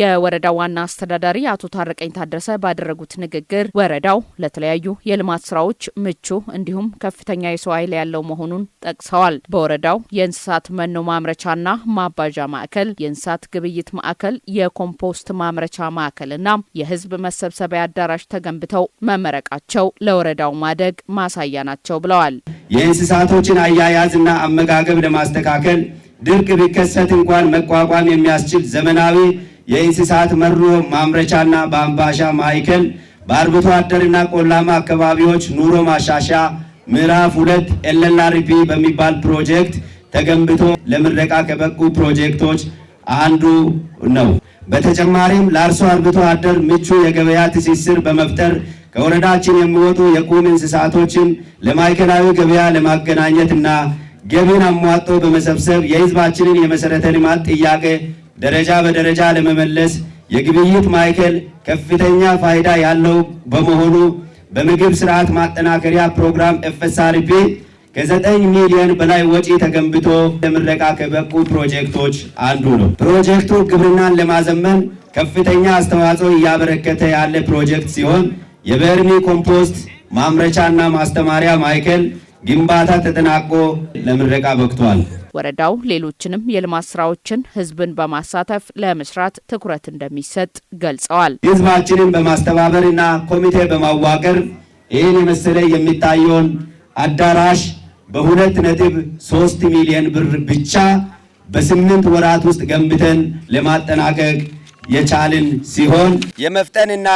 የወረዳ ዋና አስተዳዳሪ አቶ ታረቀኝ ታደሰ ባደረጉት ንግግር ወረዳው ለተለያዩ የልማት ስራዎች ምቹ እንዲሁም ከፍተኛ የሰው ኃይል ያለው መሆኑን ጠቅሰዋል። በወረዳው የእንስሳት መኖ ማምረቻና ማባዣ ማዕከል፣ የእንስሳት ግብይት ማዕከል፣ የኮምፖስት ማምረቻ ማዕከልና የህዝብ መሰብሰቢያ አዳራሽ ተገንብተው መመረቃቸው ለወረዳው ማደግ ማሳያ ናቸው ብለዋል። የእንስሳቶችን አያያዝና አመጋገብ ለማስተካከል ድርቅ ቢከሰት እንኳን መቋቋም የሚያስችል ዘመናዊ የእንስሳት መሮ ማምረቻና በአምባሻ ማዕከል በአርብቶ አደርና ቆላማ አካባቢዎች ኑሮ ማሻሻ ምዕራፍ ሁለት ኤልኤልአርፒ በሚባል ፕሮጀክት ተገንብቶ ለምረቃ ከበቁ ፕሮጀክቶች አንዱ ነው። በተጨማሪም ለአርሶ አርብቶ አደር ምቹ የገበያ ትስስር በመፍጠር ከወረዳችን የሚወጡ የቁም እንስሳቶችን ለማዕከላዊ ገበያ ለማገናኘት እና ገቢን አሟጦ በመሰብሰብ የሕዝባችንን የመሰረተ ልማት ጥያቄ ደረጃ በደረጃ ለመመለስ የግብይት ማዕከል ከፍተኛ ፋይዳ ያለው በመሆኑ በምግብ ስርዓት ማጠናከሪያ ፕሮግራም ኤፍኤስአርፒ ከዘጠኝ ሚሊዮን በላይ ወጪ ተገንብቶ ለምረቃ ከበቁ ፕሮጀክቶች አንዱ ነው። ፕሮጀክቱ ግብርናን ለማዘመን ከፍተኛ አስተዋጽኦ እያበረከተ ያለ ፕሮጀክት ሲሆን የበርሚ ኮምፖስት ማምረቻና ማስተማሪያ ማዕከል ግንባታ ተጠናቆ ለምረቃ በቅቷል። ወረዳው ሌሎችንም የልማት ስራዎችን ህዝብን በማሳተፍ ለመስራት ትኩረት እንደሚሰጥ ገልጸዋል። ህዝባችንን በማስተባበር እና ኮሚቴ በማዋቀር ይህን የመሰለ የሚታየውን አዳራሽ በሁለት ነጥብ ሶስት ሚሊዮን ብር ብቻ በስምንት ወራት ውስጥ ገንብተን ለማጠናቀቅ የቻልን ሲሆን የመፍጠንና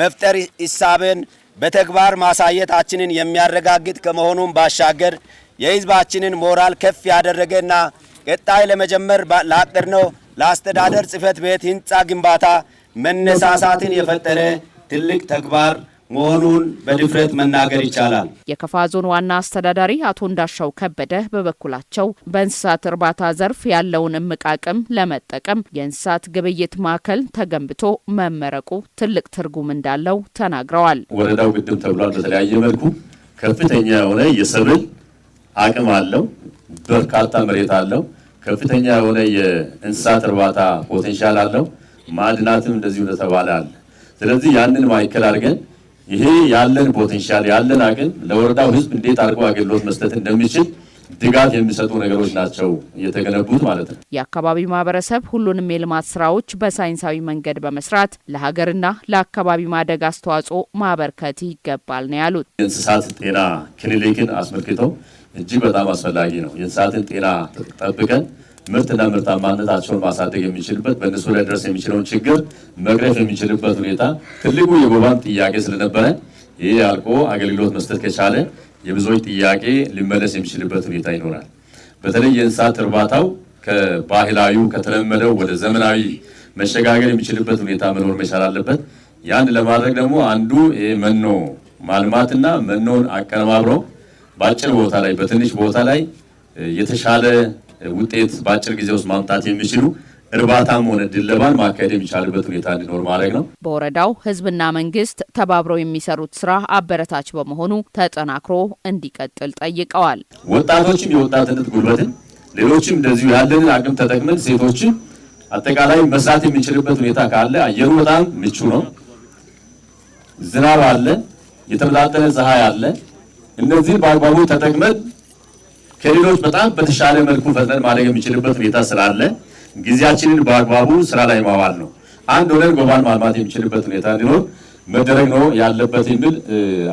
መፍጠር ሂሳብን በተግባር ማሳየታችንን የሚያረጋግጥ ከመሆኑም ባሻገር የህዝባችንን ሞራል ከፍ ያደረገና ቀጣይ ለመጀመር ላቀድነው ለአስተዳደር ጽህፈት ቤት ህንፃ ግንባታ መነሳሳትን የፈጠረ ትልቅ ተግባር መሆኑን በድፍረት መናገር ይቻላል። የከፋ ዞን ዋና አስተዳዳሪ አቶ እንዳሻው ከበደ በበኩላቸው በእንስሳት እርባታ ዘርፍ ያለውን እምቅ አቅም ለመጠቀም የእንስሳት ግብይት ማዕከል ተገንብቶ መመረቁ ትልቅ ትርጉም እንዳለው ተናግረዋል። ወረዳው ግድም ተብሏል። በተለያየ መልኩ ከፍተኛ የሆነ የሰብል አቅም አለው፣ በርካታ መሬት አለው፣ ከፍተኛ የሆነ የእንስሳት እርባታ ፖቴንሻል አለው፣ ማዕድናትም እንደዚሁ እንደተባለ አለ። ስለዚህ ያንን ማዕከል አድርገን ይሄ ያለን ፖቴንሻል ያለን አቅም ለወረዳው ህዝብ እንዴት አድርጎ አገልግሎት መስጠት እንደሚችል ድጋፍ የሚሰጡ ነገሮች ናቸው የተገነቡት ማለት ነው። የአካባቢው ማህበረሰብ ሁሉንም የልማት ስራዎች በሳይንሳዊ መንገድ በመስራት ለሀገርና ለአካባቢ ማደግ አስተዋጽኦ ማበርከት ይገባል ነው ያሉት። የእንስሳት ጤና ክሊኒክን አስመልክተው እጅግ በጣም አስፈላጊ ነው። የእንስሳትን ጤና ጠብቀን ምርትና ምርታማነታቸውን ማሳደግ የሚችልበት በእነሱ ላይ ድረስ የሚችለውን ችግር መቅረፍ የሚችልበት ሁኔታ ትልቁ የጎባን ጥያቄ ስለነበረ ይህ አልቆ አገልግሎት መስጠት ከቻለ የብዙዎች ጥያቄ ሊመለስ የሚችልበት ሁኔታ ይኖራል። በተለይ የእንስሳት እርባታው ከባህላዊው ከተለመደው ወደ ዘመናዊ መሸጋገር የሚችልበት ሁኔታ መኖር መቻል አለበት። ያን ለማድረግ ደግሞ አንዱ መኖ ማልማትና መኖን አቀነባብሮ በአጭር ቦታ ላይ በትንሽ ቦታ ላይ የተሻለ ውጤት በአጭር ጊዜ ውስጥ ማምጣት የሚችሉ እርባታም ሆነ ድል ማካሄድ የሚቻልበት ሁኔታ እንዲኖር ማድረግ ነው። በወረዳው ህዝብና መንግስት ተባብረው የሚሰሩት ስራ አበረታች በመሆኑ ተጠናክሮ እንዲቀጥል ጠይቀዋል። ወጣቶችም የወጣትነት ጉልበትን ሌሎችም እንደዚሁ ያለንን አቅም ተጠቅመን ሴቶችን አጠቃላይ መስራት የሚችልበት ሁኔታ ካለ አየሩ በጣም ምቹ ነው። ዝናብ አለ፣ የተመጣጠነ ፀሐይ አለ። እነዚህ በአግባቡ ተጠቅመን ከሌሎች በጣም በተሻለ መልኩ ፈጥነን ማድረግ የሚችልበት ሁኔታ ስላለ ጊዜያችንን በአግባቡ ስራ ላይ ማዋል ነው። አንድ ሆነን ጎባን ማልማት የሚችልበት ሁኔታ እንዲኖር መደረግ ነው ያለበት የሚል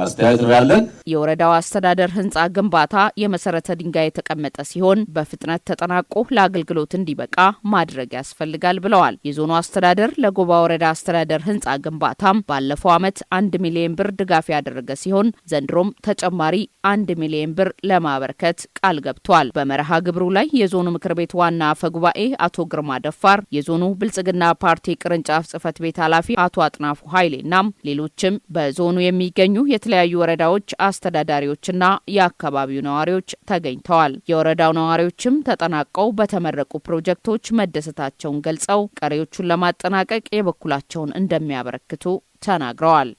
አስተያየት ነው ያለን። የወረዳው አስተዳደር ህንፃ ግንባታ የመሰረተ ድንጋይ የተቀመጠ ሲሆን በፍጥነት ተጠናቆ ለአገልግሎት እንዲበቃ ማድረግ ያስፈልጋል ብለዋል። የዞኑ አስተዳደር ለጎባ ወረዳ አስተዳደር ህንፃ ግንባታም ባለፈው ዓመት አንድ ሚሊዮን ብር ድጋፍ ያደረገ ሲሆን ዘንድሮም ተጨማሪ አንድ ሚሊዮን ብር ለማበርከት ቃል ገብቷል። በመርሃ ግብሩ ላይ የዞኑ ምክር ቤት ዋና አፈ ጉባኤ አቶ ግርማ ደፋር፣ የዞኑ ብልጽግና ፓርቲ ቅርንጫፍ ጽህፈት ቤት ኃላፊ አቶ አጥናፉ ኃይሌ ናም ሌሎችም በዞኑ የሚገኙ የተለያዩ ወረዳዎች አስተዳዳሪዎችና የአካባቢው ነዋሪዎች ተገኝተዋል። የወረዳው ነዋሪዎችም ተጠናቀው በተመረቁ ፕሮጀክቶች መደሰታቸውን ገልጸው ቀሪዎቹን ለማጠናቀቅ የበኩላቸውን እንደሚያበረክቱ ተናግረዋል።